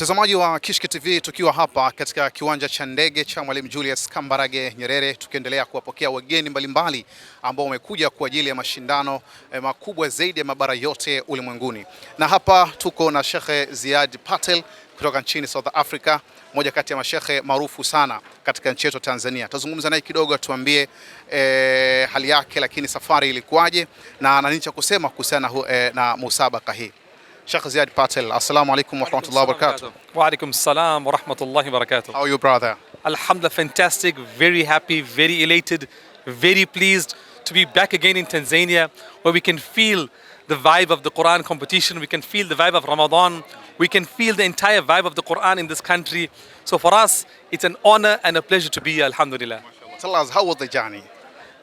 Mtazamaji wa Kishki TV, tukiwa hapa katika kiwanja cha ndege cha Mwalimu Julius Kambarage Nyerere, tukiendelea kuwapokea wageni mbalimbali ambao wamekuja kwa ajili ya mashindano eh, makubwa zaidi ya mabara yote ulimwenguni, na hapa tuko na Shekhe Ziad Patel kutoka nchini South Africa, moja kati ya mashekhe maarufu sana katika nchi yetu Tanzania. tazungumza naye kidogo, atuambie eh, hali yake, lakini safari ilikuwaje na nini cha kusema kuhusiana eh, na musabaka hii. Sheikh Ziyad Patel, Assalamu alaikum wa rahmatullahi wa barakatuh. Wa alaikum salam wa rahmatullahi wa barakatuh. How are you, brother? Alhamdulillah, fantastic, very happy, very elated, very pleased to be back again in Tanzania where we can feel the vibe of the Quran competition, we can feel the vibe of Ramadan, we can feel the entire vibe of the Quran in this country. So for us, it's an honor and a pleasure to be here, Alhamdulillah. Tell us, how was the journey?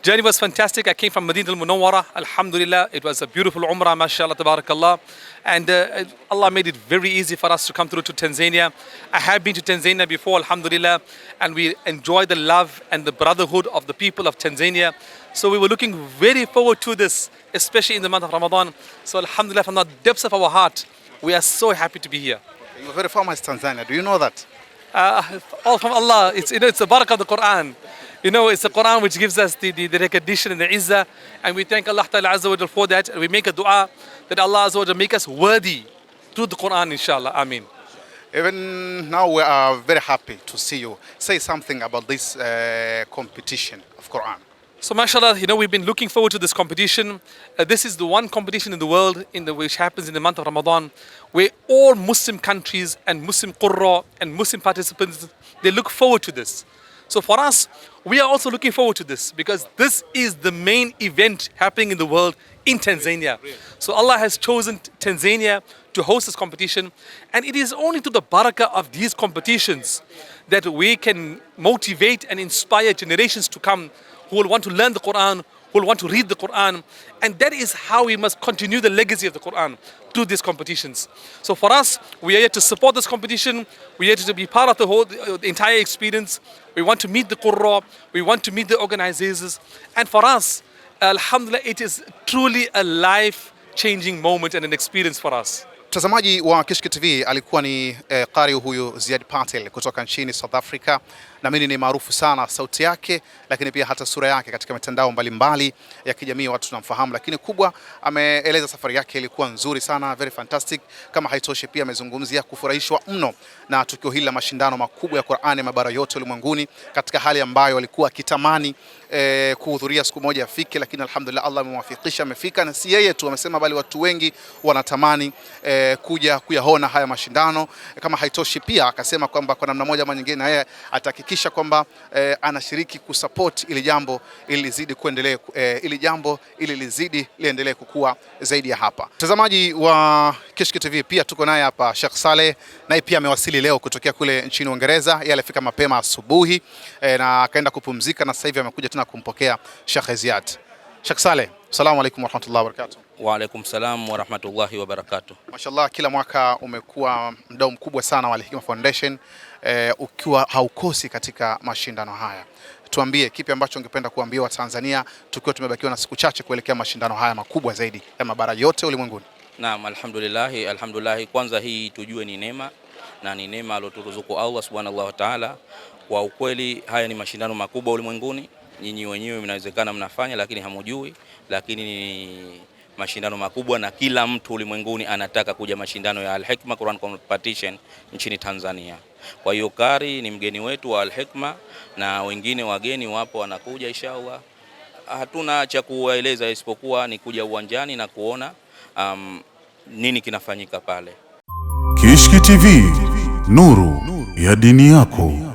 Journey was fantastic. I came from Madinah al-Munawwara. Alhamdulillah, it was a beautiful umrah, mashallah, tabarakallah. And uh, Allah made it very easy for us to come through to Tanzania. I have been to Tanzania before, alhamdulillah, and we enjoy the love and the brotherhood of the people of Tanzania. So we were looking very forward to this, especially in the month of Ramadan. So alhamdulillah, from the depths of our heart, we are so happy to be here. You're very famous Tanzania. Do you know that? Uh, all from Allah. It's, you know, it's the barakah of the Quran. You know, it's the Quran which gives us the, the, the recognition and the izzah. And we thank Allah Ta'ala Azza wa for that. And we make a dua that Allah Azza wa make us worthy to the Quran, inshallah. Ameen. Even now we are very happy to see you. Say something about this uh, competition of Quran. So mashallah, you know, we've been looking forward to this competition. Uh, this is the one competition in the world in the, which happens in the month of Ramadan where all Muslim countries and Muslim Qurra and Muslim participants, they look forward to this. So for us, we are also looking forward to this because this is the main event happening in the world in Tanzania. So Allah has chosen Tanzania to host this competition and it is only through the barakah of these competitions that we can motivate and inspire generations to come who will want to learn the Quran, will want to read the Quran. And that is how we must continue the legacy of the Quran through these competitions. So for us, we are here to support this competition. We are here to be part of the whole, the entire experience. We want to meet the Qurra. We want to meet the organizers. And for us, Alhamdulillah, it is truly a life changing moment and an experience for us. Mtazamaji wa Kishki TV alikuwa ni eh, qari huyu Ziad Patel kutoka nchini South Africa, na mimi ni maarufu sana sauti yake, lakini pia hata sura yake katika mitandao mbalimbali ya kijamii, watu tunamfahamu, lakini kubwa, ameeleza safari yake ilikuwa nzuri sana, very fantastic. Kama haitoshi, pia amezungumzia kufurahishwa mno na tukio hili la mashindano makubwa ya Qur'ani mabara yote ulimwenguni, katika hali ambayo alikuwa akitamani eh, kuhudhuria siku moja afike, lakini alhamdulillah, Allah amemwafikisha amefika, na si yeye tu amesema, bali watu wengi wanatamani eh, kuja kuyaona haya mashindano. Eh, kama haitoshi pia akasema kwamba kwa namna moja ama nyingine yeye atahakikisha kwamba e, anashiriki kusupport ili jambo ili lizidi kuendelea, e, eh, ili jambo ili lizidi liendelee kukua zaidi ya hapa. Mtazamaji wa Kishki TV, pia tuko naye hapa Sheikh Saleh, naye pia amewasili leo kutokea kule nchini Uingereza. Yeye alifika mapema asubuhi e, na akaenda kupumzika na sasa hivi amekuja tena kumpokea Sheikh Ziad. Sheikh Saleh asalamu alaykum warahmatullahi wabarakatuh. Wa alaykum salam warahmatullahi wabarakatuh. Mashallah, kila mwaka umekuwa mdau mkubwa sana wa Alhikma Foundation eh, ukiwa haukosi katika mashindano haya. Tuambie kipi ambacho ungependa kuambia Watanzania tukiwa tumebakiwa na siku chache kuelekea mashindano haya makubwa zaidi ya mabara yote ulimwenguni? Naam, alhamdulillah, alhamdulillah. Kwanza hii tujue ni neema na ni neema alioturuzuku Allah subhanahu wa ta'ala. Kwa ukweli haya ni mashindano makubwa ulimwenguni nyinyi wenyewe mnawezekana mnafanya, lakini hamujui, lakini ni mashindano makubwa na kila mtu ulimwenguni anataka kuja mashindano ya Al-Hikma Quran Competition nchini Tanzania. Kwa hiyo KARI ni mgeni wetu wa Al-Hikma na wengine wageni wapo wanakuja, inshallah. Hatuna cha kuwaeleza isipokuwa ni kuja uwanjani na kuona um, nini kinafanyika pale. Kishki TV, nuru ya dini yako.